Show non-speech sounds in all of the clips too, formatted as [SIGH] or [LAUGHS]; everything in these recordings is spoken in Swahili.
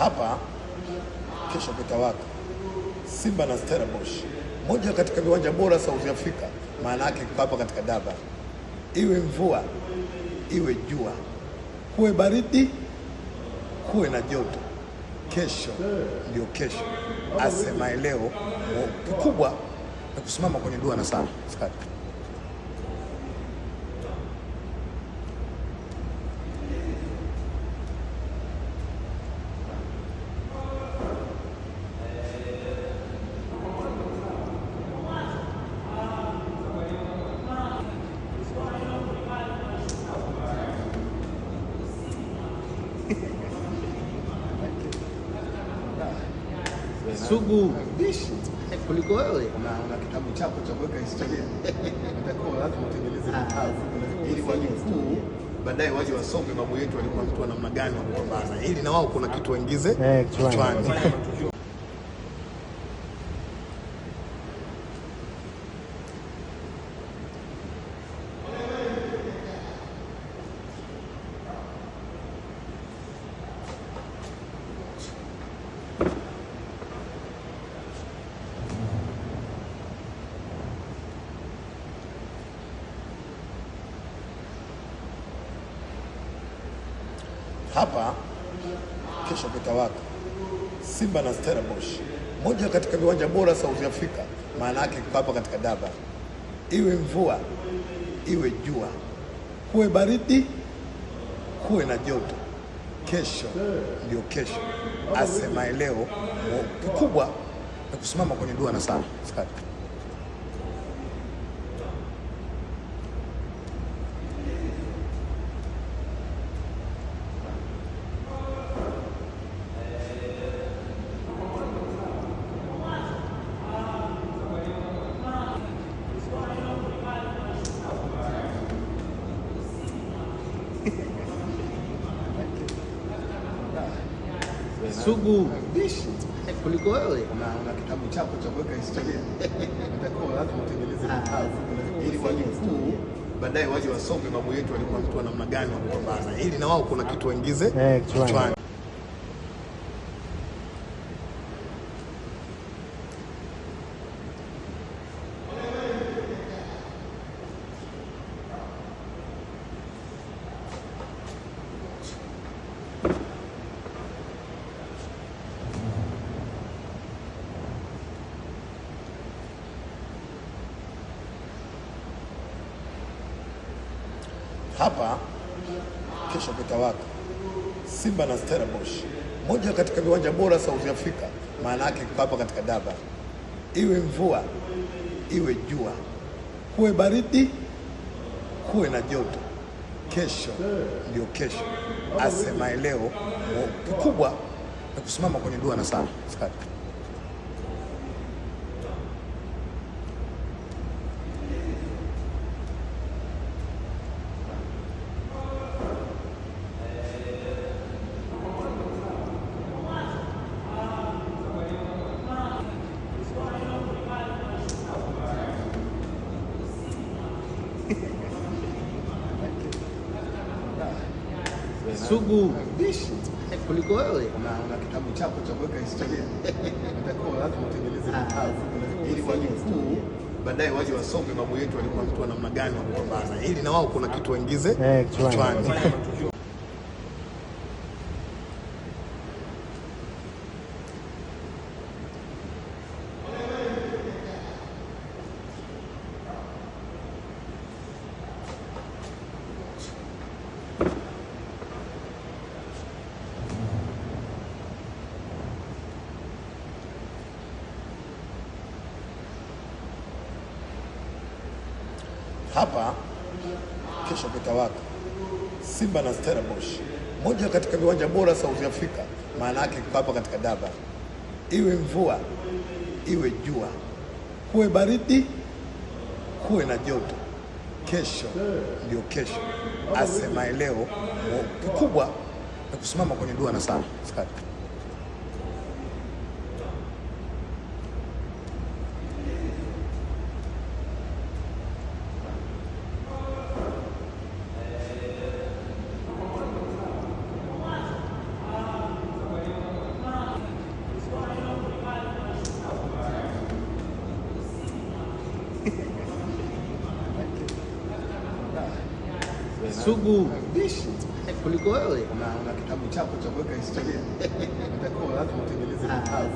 hapa kesho kutawaka. Simba na Stellenbosch, moja katika viwanja bora South Africa, maana yake hapa katika daba, Iwe mvua iwe jua, kuwe baridi kuwe na joto, kesho ndio kesho. Asemaye leo kikubwa ni kusimama kwenye dua na sala. sugu kuliko wewe na una kitabu chako cha kuweka historia. Itakuwa lazima utengeneze vitabu ah, ah, ili wajukuu baadaye waje wasome mambo yetu, walikuwa mtu wa namna gani wa kupambana, ili na wao kuna kitu waingize eh, kichwani. hapa kesho kitawaka. Simba na Stellenbosch, moja katika viwanja bora South Africa, maana yake hapa katika daba, Iwe mvua iwe jua, kuwe baridi kuwe na joto, kesho ndio kesho. Asemaye leo, kikubwa ni kusimama kwenye dua na sala. sugu kuliko wewe na kitabu chako cha kuweka historia. [LAUGHS] lazima utengeneze ah. ili wajukuu baadaye waje wasome babu yetu walikuwa watu wa namna gani wa kupambana, ili na wao kuna kitu waingize eh, kichwani. hapa kesho kutawaka. Simba na Stellenbosch, moja katika viwanja bora South Africa, maana yake hapa katika daba, Iwe mvua iwe jua, kuwe baridi kuwe na joto, kesho ndio kesho. Asemaye leo kikubwa ni kusimama kwenye dua na sala. Sugu kuliko wewe Na kitabu chako cha kuweka historia lazima utengeneze ah. ili waje walikuu baadaye waje wasome babu yetu walikuwa mtu wa namna gani wa kupambana, ili na wao kuna kitu waingize eh, kichwani. hapa kesho kitawaka. Simba na Stellenbosch, moja katika viwanja bora South Africa, maana yake hapa katika daba, Iwe mvua iwe jua, kuwe baridi kuwe na joto, kesho ndio kesho. Asemaye leo, kikubwa ni kusimama kwenye dua na sala. sugu bishi kuliko wewe na una kitabu chako cha kuweka historia. Itakuwa lazima utengeneze ah. vitabu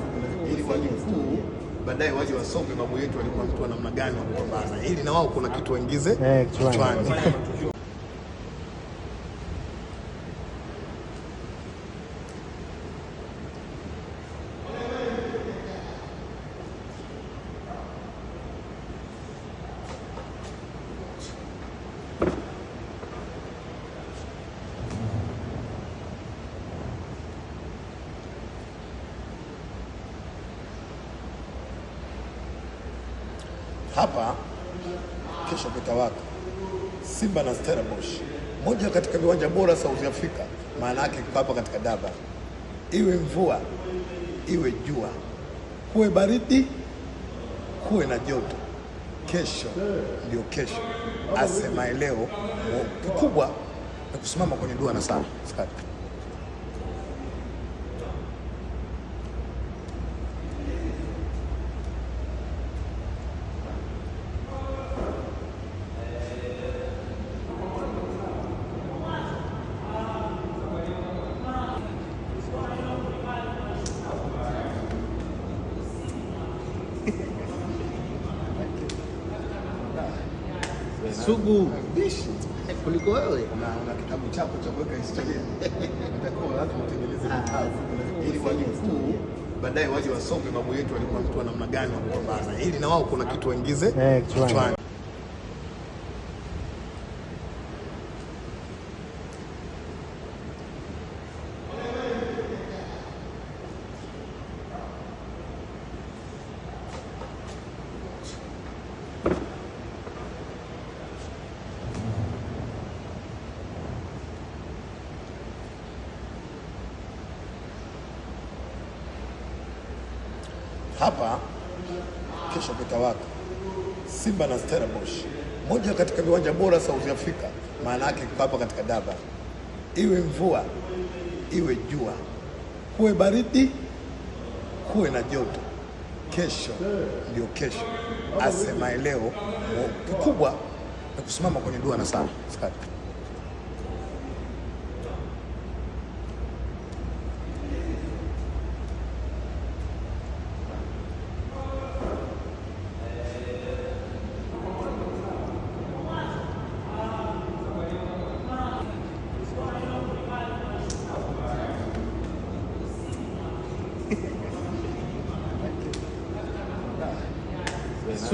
ili wajukuu baadaye waje wasome babu yetu walikuwa watu namna gani wa kupambana, ili na wao kuna kitu waingize eh, kichwani. hapa kesho kutawaka. Simba na Stellenbosch, moja katika viwanja bora South Africa, maana yake hapa katika daba, iwe mvua iwe jua, kuwe baridi kuwe na joto, kesho ndio kesho, asemaye leo. Kikubwa ni kusimama kwenye dua na sala. sugu kuliko wewe na kitabu chako cha kuweka historia. [LAUGHS] Itakuwa lazima utengeneze vitabu ili wajukuu baadaye waje wasome babu yetu alikuwa mtu wa namna gani wa kupambana, ili na wao kuna kitu waingize eh, kichwani. hapa kesho kitawaka. Simba na Stellenbosch, moja katika viwanja bora South Africa, maana yake hapa katika daba, Iwe mvua iwe jua, kuwe baridi kuwe na joto, kesho ndio kesho, asemaye leo. Kikubwa ni kusimama kwenye dua na sala.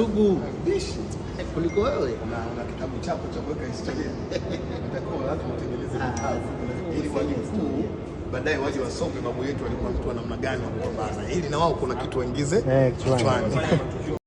sugu kuliko wewe, na una kitabu chako cha kuweka historia. [LAUGHS] lazima utengeneze ah. ili wajukuu baadaye waje wasome babu yetu walikuwa watu wa namna gani wa kupambana, ili na wao kuna kitu waingize kichwani. [LAUGHS]